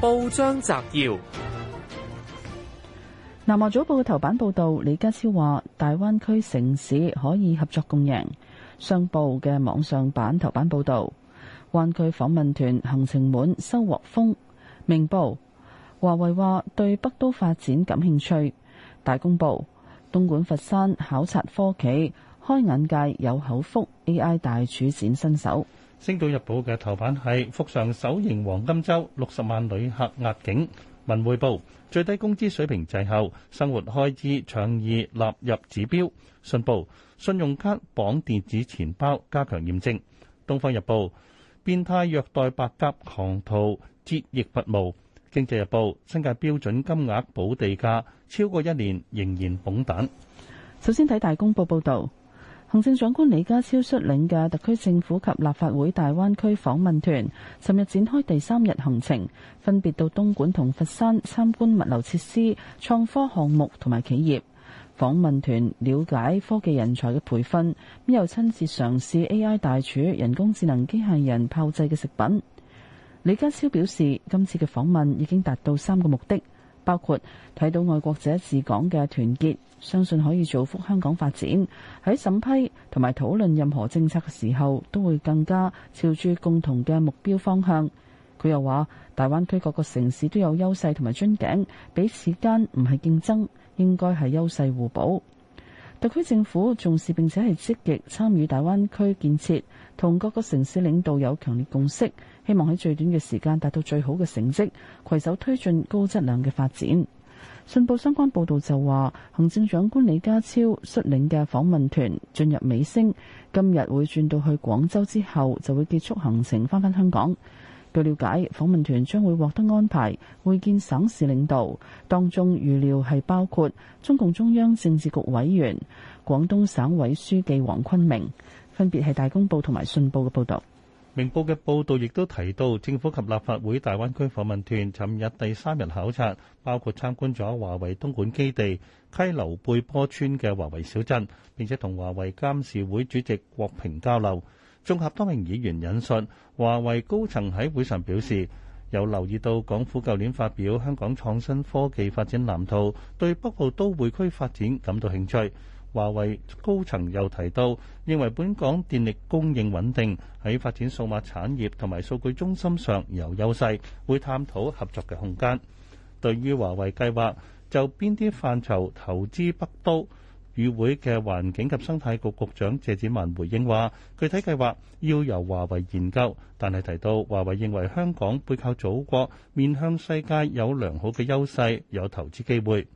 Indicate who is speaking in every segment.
Speaker 1: 報章摘要：南華早報嘅頭版報道，李家超話大灣區城市可以合作共贏。商報嘅網上版頭版報道，灣區訪問團行程滿收穫豐。明報，華為話對北都發展感興趣。大公報，東莞佛山考察科企開眼界有口福，AI 大廚展新
Speaker 2: 手。星島日報嘅頭版係復上首型黃金周，六十萬旅客壓境，文匯報最低工資水平滯後，生活開支倡議納入指標，信報信用卡綁電子錢包加強驗證，東方日報變態虐待白鴿狂徒，折翼拔毛，經濟日報新界標準金額補地價超過一年仍然捧蛋。
Speaker 1: 首先睇大公報報道。行政長官李家超率領嘅特區政府及立法會大灣區訪問團，尋日展開第三日行程，分別到東莞同佛山參觀物流設施、創科項目同埋企業。訪問團了解科技人才嘅培訓，又親自嘗試 AI 大廚人工智能機械人炮製嘅食品。李家超表示，今次嘅訪問已經達到三個目的。包括睇到外國者治港嘅團結，相信可以造福香港發展。喺審批同埋討論任何政策嘅時候，都會更加朝住共同嘅目標方向。佢又話，大灣區各個城市都有優勢同埋樽頸，彼此間唔係競爭，應該係優勢互補。特區政府重視並且係積極參與大灣區建設，同各個城市領導有強烈共識，希望喺最短嘅時間達到最好嘅成績，攜手推進高質量嘅發展。信報相關報導就話，行政長官李家超率領嘅訪問團進入尾聲，今日會轉到去廣州之後就會結束行程，翻返香港。據了解，訪問團將會獲得安排會見省市領導，當中預料係包括中共中央政治局委員、廣東省委書記黃坤明。分別係大公報同埋信報嘅報道，
Speaker 2: 明報嘅報道亦都提到，政府及立法會大灣區訪問團尋日第三日考察，包括參觀咗華為東莞基地、溪流背坡村嘅華為小鎮，並且同華為監事會主席郭平交流。綜合多名議員引述，華為高層喺會上表示，有留意到港府舊年發表香港創新科技發展藍圖，對北部都會區發展感到興趣。華為高層又提到，認為本港電力供應穩定，喺發展數碼產業同埋數據中心上有優勢，會探討合作嘅空間。對於華為計劃，就邊啲範疇投資北都。與會嘅環境及生態局局長謝展文回應話，具體計劃要由華為研究，但係提到華為認為香港背靠祖國，面向世界有良好嘅優勢，有投資機會。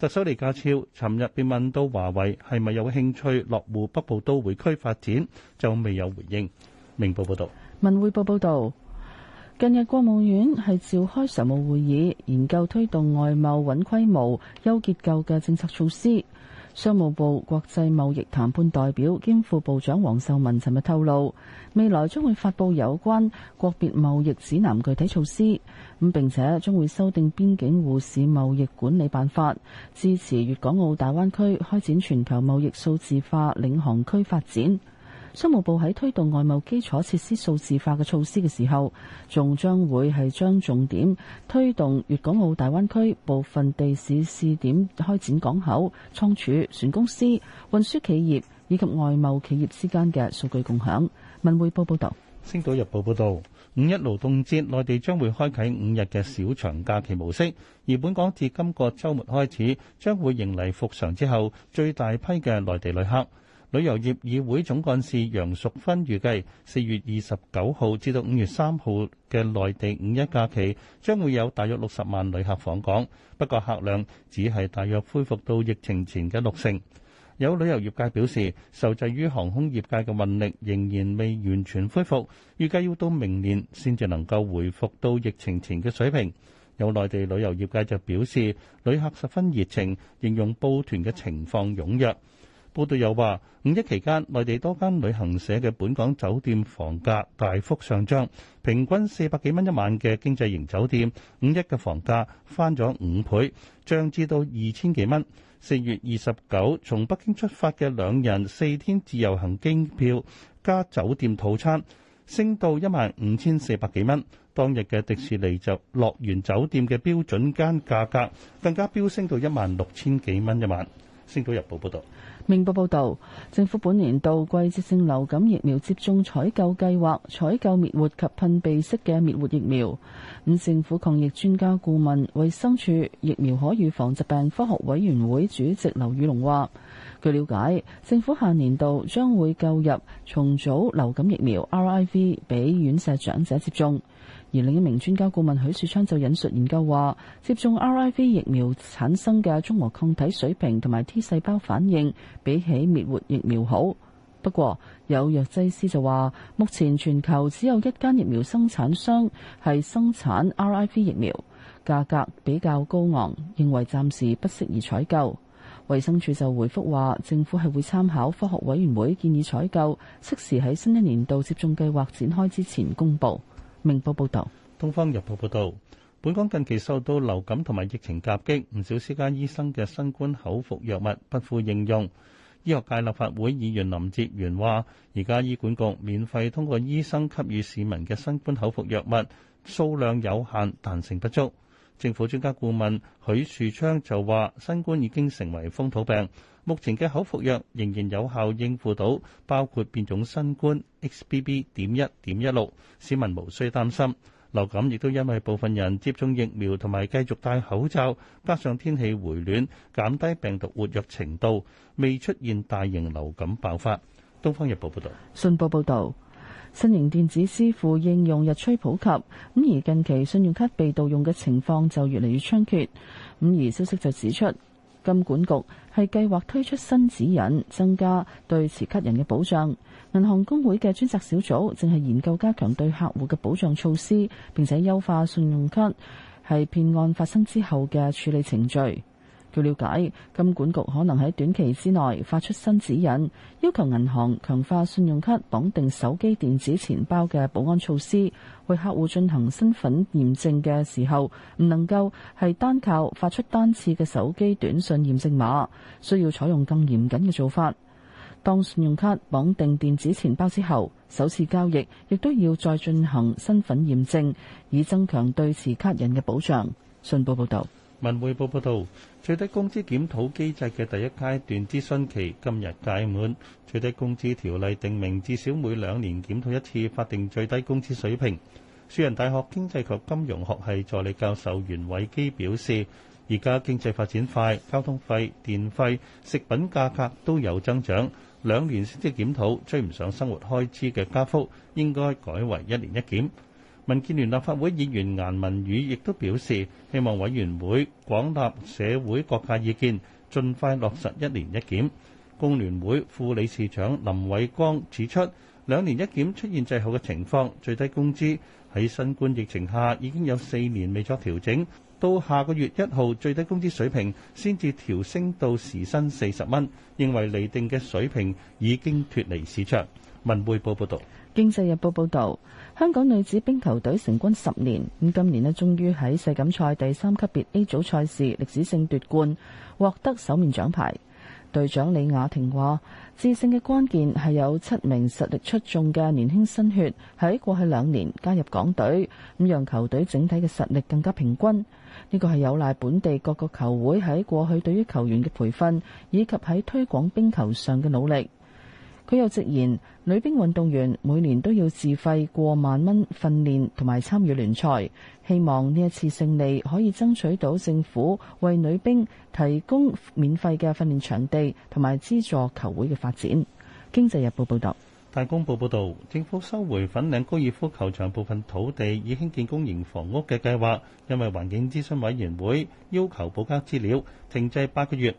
Speaker 2: 特首李家超尋日被問到華為係咪有興趣落戶北部都會區發展，就未有回應。明報報道，
Speaker 1: 文匯報報道，近日國務院係召開常務會議，研究推動外貿穩規模、優結構嘅政策措施。商務部國際貿易談判代表兼副部長王受文尋日透露，未來將會發布有關國別貿易指南具體措施，咁並且將會修訂邊境互市貿易管理辦法，支持粵港澳大灣區開展全球貿易數字化領航區發展。商務部喺推動外貿基礎設施數字化嘅措施嘅時候，仲將會係將重點推動粵港澳大灣區部分地市試點開展港口、倉儲、船公司、運輸企業、以及外貿企業之間嘅數據共享。文匯
Speaker 2: 報報道，《星島日報》報道，五一勞動節，內地將會開啟五日嘅小長假期模式，而本港自今個周末開始將會迎嚟復常之後最大批嘅內地旅客。旅遊業議會總幹事楊淑芬預計4月29號至5月3號嘅內地五一假期將會有大約60萬旅客訪港，不過客量只係大約恢復到疫情前嘅六成。有旅遊業界表示受制於航空業界嘅運力，仍然未完全恢復，預計要到明年先至能夠回復到疫情前嘅水平。有內地旅遊業界就表示，旅客十分熱情，形容報團嘅情況踴躍。報道又話，五一期間，內地多間旅行社嘅本港酒店房價大幅上漲，平均四百幾蚊一晚嘅經濟型酒店，五一嘅房價翻咗五倍，漲至到二千幾蚊。四月二十九，從北京出發嘅兩人四天自由行經票加酒店套餐，升到一萬五千四百幾蚊。當日嘅迪士尼就樂園酒店嘅標準間價格更加飆升到一萬六千幾蚊一晚。星島日報報道。
Speaker 1: 明報報導，政府本年度季節性流感疫苗接種採購計劃採購滅活及噴鼻式嘅滅活疫苗。咁政府抗疫專家顧問、衛生署疫苗可預防疾病科學委員會主席劉宇龍話。據了解，政府下年度將會購入重組流感疫苗 RIV 俾院舍長者接種。而另一名專家顧問許樹昌就引述研究話，接種 RIV 疫苗產生嘅中和抗體水平同埋 T 細胞反應比起滅活疫苗好。不過有藥劑師就話，目前全球只有一間疫苗生產商係生產 RIV 疫苗，價格比較高昂，認為暫時不適宜採購。衛生署就回覆話，政府係會參考科學委員會建議採購，適時喺新一年度接種計劃展開之前公布。明報報道，
Speaker 2: 東方日報報道，本港近期受到流感同埋疫情夾擊，唔少私家醫生嘅新冠口服藥物不敷應用。醫學界立法會議員林哲元話，而家醫管局免費通過醫生給予市民嘅新冠口服藥物數量有限，彈性不足。政府專家顧問許樹昌就話,新冠已經成為風土病,目前嘅口服藥仍然有效應付到,包括變種新冠 XBB.1.16 市民無需擔心,流感亦都因為部分人接種疫苗同埋繼續戴口罩,加上天氣回暖,減低病毒活躍程度未出現大型流感爆發,東方日報報導。市民無需擔心流感亦都因為部分人接種疫苗同埋繼續戴口罩加上天氣回暖減低病毒活躍程度未出現大型流感爆發東方日報
Speaker 1: 報導新型電子支付應用日趨普及，咁而近期信用卡被盜用嘅情況就越嚟越猖獗。咁而消息就指出，金管局係計劃推出新指引，增加對持卡人嘅保障。銀行公會嘅專責小組正係研究加強對客戶嘅保障措施，並且優化信用卡係騙案發生之後嘅處理程序。據了解，金管局可能喺短期之內發出新指引，要求銀行強化信用卡綁定手機電子錢包嘅保安措施。為客戶進行身份驗證嘅時候，唔能夠係單靠發出單次嘅手機短信驗證碼，需要採用更嚴謹嘅做法。當信用卡綁定電子錢包之後，首次交易亦都要再進行身份驗證，以增強對持卡人嘅保障。信報報道。
Speaker 2: 文匯報報道，最低工資檢討機制嘅第一階段諮詢期今日屆滿。最低工資條例定明至少每兩年檢討一次法定最低工資水平。樹仁大學經濟及金融學系助理教授袁偉基表示，而家經濟發展快，交通費、電費、食品價格都有增長，兩年先至檢討追唔上生活開支嘅加幅，應該改為一年一檢。民建聯立法會議員顏文宇亦都表示，希望委員會，廣納、社會、各界意見，盡快落實一年一檢。工聯會，副理事長林偉光，指出，兩年一檢出現滯後的情況，最低工資，在新冠疫情下已經有四年未作調整，到下個月一號，最低工資水平先至調升到時薪四十蚊，認為釐定的水平已經脫離市場。文匯報報道。《經濟日
Speaker 1: 報》報導，香港女子冰球隊成軍十年，咁今年呢終於喺世錦賽第三級別 A 組賽事歷史性奪冠，獲得首面獎牌。隊長李雅婷話，致勝嘅關鍵係有七名實力出眾嘅年輕新血喺過去兩年加入港隊，咁讓球隊整體嘅實力更加平均。呢個係有賴本地各個球會喺過去對於球員嘅培訓，以及喺推廣冰球上嘅努力。佢又直言，女兵運動員每年都要自費過萬蚊訓練同埋參與聯賽，希望呢一次勝利可以爭取到政府為女兵提供免費嘅訓練場地同埋資助球會嘅發展。經濟日報報道。
Speaker 2: 大公報報道，政府收回粉嶺高爾夫球場部分土地以興建公營房屋嘅計劃，因為環境諮詢委員會要求補交資料，停滯八個月。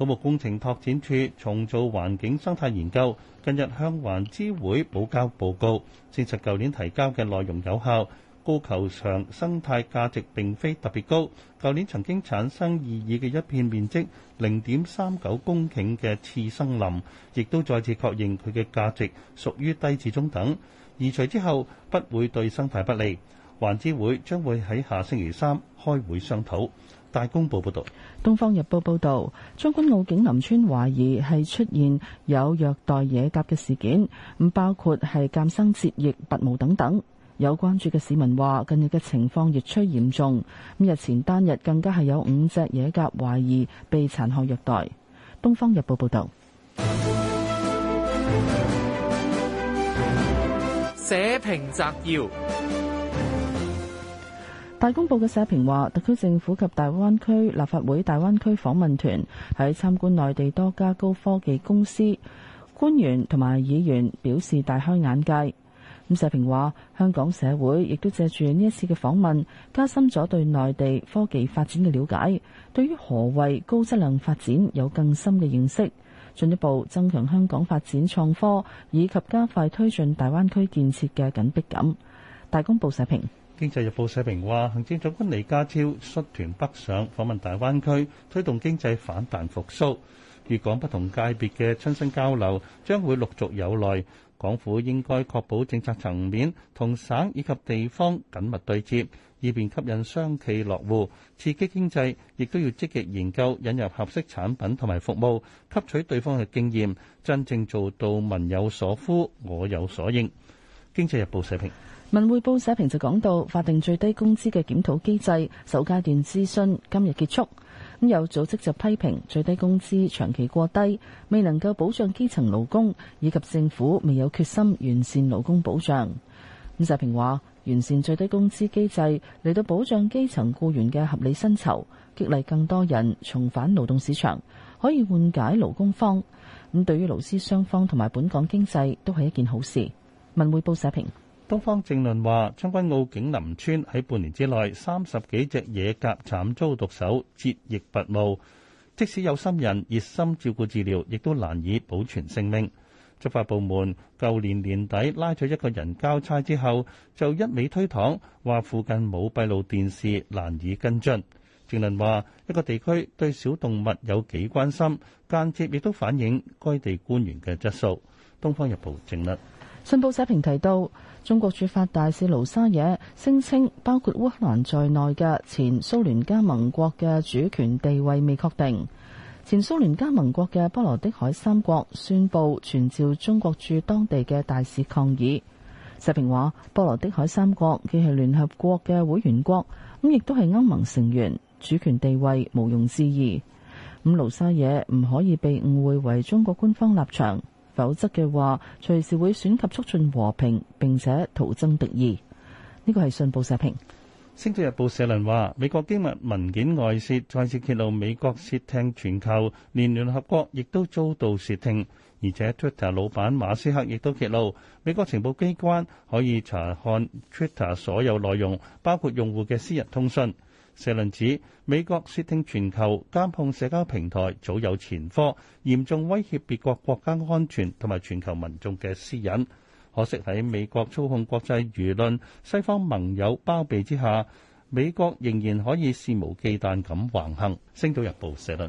Speaker 2: 土木工程拓展署重做環境生態研究，近日向環諮會補交報告，證實舊年提交嘅內容有效。高球場生態價值並非特別高，舊年曾經產生異議嘅一片面積零點三九公頃嘅次生林，亦都再次確認佢嘅價值屬於低至中等，移除之後不會對生態不利。環諮會將會喺下星期三開會商討。大公報報道，
Speaker 1: 《東方日報》報道，將軍澳景林村懷疑係出現有虐待野鴿嘅事件，咁包括係鑒生折翼拔毛等等。有關注嘅市民話，近日嘅情況越趨嚴重，咁日前單日更加係有五隻野鴿懷疑被殘害虐待。《東方日報》報道。
Speaker 2: 社評摘要。
Speaker 1: 大公報嘅社評話，特區政府及大灣區立法會大灣區訪問團喺參觀內地多家高科技公司，官員同埋議員表示大開眼界。咁社評話，香港社會亦都借住呢一次嘅訪問，加深咗對內地科技發展嘅了解，對於何謂高質量發展有更深嘅認識，進一步增強香港發展創科以及加快推進大灣區建設嘅緊迫感。大公報社評。
Speaker 2: 經濟日報社評話，行政長官李家超率團北上訪問大灣區，推動經濟反彈復甦。粵港不同界別嘅親身交流將會陸續有來，港府應該確保政策層面同省以及地方緊密對接，以便吸引商企落戶，刺激經濟，亦都要積極研究引入合適產品同埋服務，吸取對方嘅經驗，真正做到民有所呼，我有所應。經濟日報社評。
Speaker 1: 文匯報社評就講到法定最低工資嘅檢討機制，首階段諮詢今日結束，咁有組織就批評最低工資長期過低，未能夠保障基層勞工，以及政府未有決心完善勞工保障。咁社評話，完善最低工資機制嚟到保障基層僱員嘅合理薪酬，激勵更多人重返勞動市場，可以緩解勞工荒。咁對於勞資雙方同埋本港經濟都係一件好事。文匯報社評。
Speaker 2: 《東方政論》話：將軍澳景林村喺半年之內，三十幾隻野鴿慘遭毒手，折翼拔毛。即使有心人熱心照顧治療，亦都難以保全性命。執法部門舊年年底拉咗一個人交差之後，就一味推搪，話附近冇閉路電視，難以跟進。政論話：一個地區對小動物有幾關心，間接亦都反映該地官員嘅質素。《東方日報》政論。
Speaker 1: 新報社評提到，中國駐法大使盧沙野聲稱，包括烏克蘭在內嘅前蘇聯加盟國嘅主權地位未確定。前蘇聯加盟國嘅波羅的海三國宣佈傳召中國駐當地嘅大使抗議。社評話，波羅的海三國既係聯合國嘅會員國，咁亦都係歐盟成員，主權地位毋庸置疑。咁盧沙野唔可以被誤會為中國官方立場。否則嘅話，隨時會選及促進和平，並且徒增敵意。呢個係信報社評。
Speaker 2: 《星島日報》社論話：美國機密文件外洩，再次揭露美國竊聽全球，連聯合國亦都遭到竊聽，而且 Twitter 老闆馬斯克亦都揭露，美國情報機關可以查看 Twitter 所有內容，包括用戶嘅私人通訊。社論指美國竊聽全球監控社交平台早有前科，嚴重威脅別國國家安全同埋全球民眾嘅私隱，可惜喺美國操控國際輿論，西方盟友包庇之下，美國仍然可以肆無忌憚咁橫行。星島日報社論。